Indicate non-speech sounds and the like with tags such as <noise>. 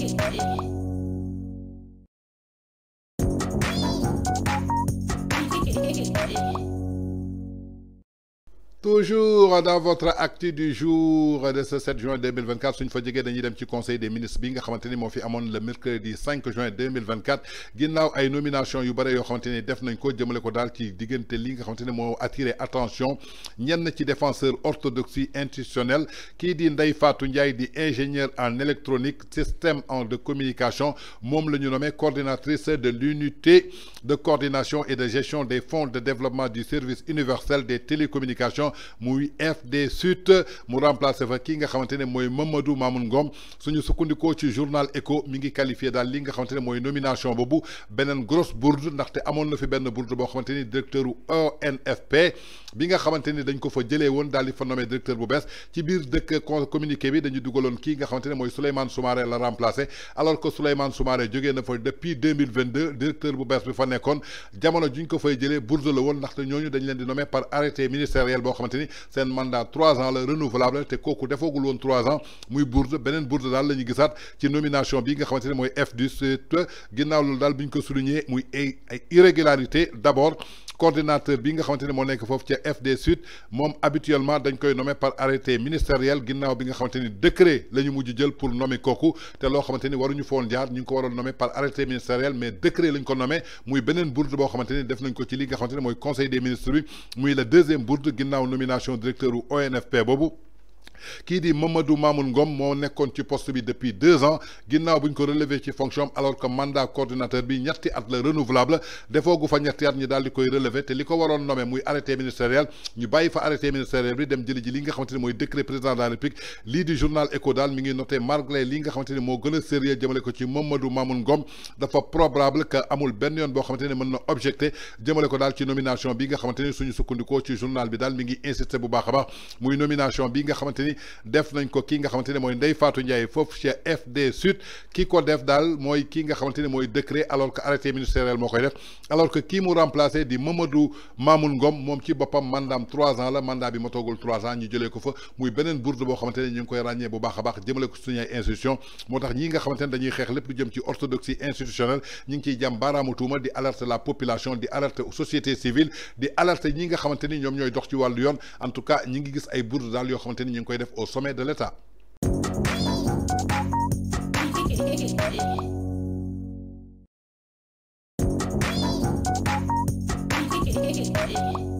Thank <laughs> you. toujours dans votre acte du jour de ce 7 juin 2024 suñ fa jógee dañuy dem ci conseil des ministres bi nga xamante ni moo le mercredi 5 juin 2024 a ay nomination yu bare de xamante ni def nañ ko jëmale ko qui ci été li nga xamante attiré attention défenseur orthodoxie institutionnelle qui di été Fatou Ndiaye ingénieur en électronique système en de communication Mom le nommé coordinatrice de l'unité de coordination et de gestion des fonds de développement du service universel des télécommunications département muy FD Sud mu remplacer fa ki nga xamantene moy Mamadou Mamoun Ngom suñu sukkandikoo ci journal Echo, mi ngi qualifié dal li nga xamantene moy nomination Bobu Benen grosse bourde ndaxte Amon na fi benn bourde bo xamantene directeur ONFP bi nga xamantene dañ ko fa jëlé won dal di fa nommer directeur bu bess ci biir deuk communiqué bi dañu dugaloon ki nga xamantene moy Souleymane Soumaré la remplacé alors que Souleymane Soumaré jogé na fa depuis 2022, directeur bu bess bi fa nekkoon jamono juñ ko fay jëlé bourde la won ndaxte ñoñu dañ leen di nommé par arrêté ministériel c'est un mandat trois ans le renouvelable te koku de trois ans muy bourde benen bourde nomination bi nga F du e. irrégularité d'abord coordinateur bi nga xamanteni mo moo fofu ci FD Sud mom habituellement dañ koy nommé par arrêté ministériel ginnaw bi nga xamanteni décret lañu muju mujj jël pour nommer koku té lo xamanteni ni waruñu fon jaar ñu ko waroon nommé par arrêté ministériel mais décret lañ ko nommé muy benen bourde bo xamanteni def nañ ko ci li nga xamanteni moy conseil des ministres bi muy le deuxième bourde ginnaw nomination directeur ou ONFP bobu qui dit Mamadou Mamoun Ngom moo nekkoon ci poste bi depuis deux ans ginnaaw bu relevé ci fonction alors que mandat coordinateur bi ñetti at la renouvelable Défaut fa ñetti at ñi daal di koy relevé te liko waron waroon nommé muy arrêté ministériel ñu bàyyi fa arrêté ministériel bi dem jëli ji li nga décret président de la république li du journal Ekodal, mingi mi ngi noté malgré li nga xamante ni sérieux jëmale ko ci Mamadou Mamoun Ngom dafa probable que amul benyon yoon boo xamante ni mën objecté ko dal ci nomination bi nga xamante suñu ci journal bi dal mi ngi insisté bu baax nomination bi nga xamante ni def nañ ko ki nga xamante ne mooy Ndeye Fatou Ndiaye foofu ca FD Sud ki ko def daal mooy ki nga xamante ne mooy décret alors que arrêté ministériel moo koy def alors que kii mu remplacer di Mamadou Mamoun Ngom moom ci boppam mandam 3 ans la mandat bi ma toogul 3 ans ñu jëlee ko fa muy beneen bourde boo xamante ne ñu ngi koy ràññee bu baax a baax jëmale ko suñay institution moo tax ñii nga xamante ne dañuy xeex lépp lu jëm ci orthodoxie institutionnelle ñu ngi ciy jàmm baaraamu tuuma di alerte la population di alerte société civile di alerte ñi nga xamante ni ñoom ñooy dox ci wàllu yoon en tout cas ñi ngi gis ay bourde daal yoo xamante ni ñu ngi koy def au sommet de l'État Thank <laughs>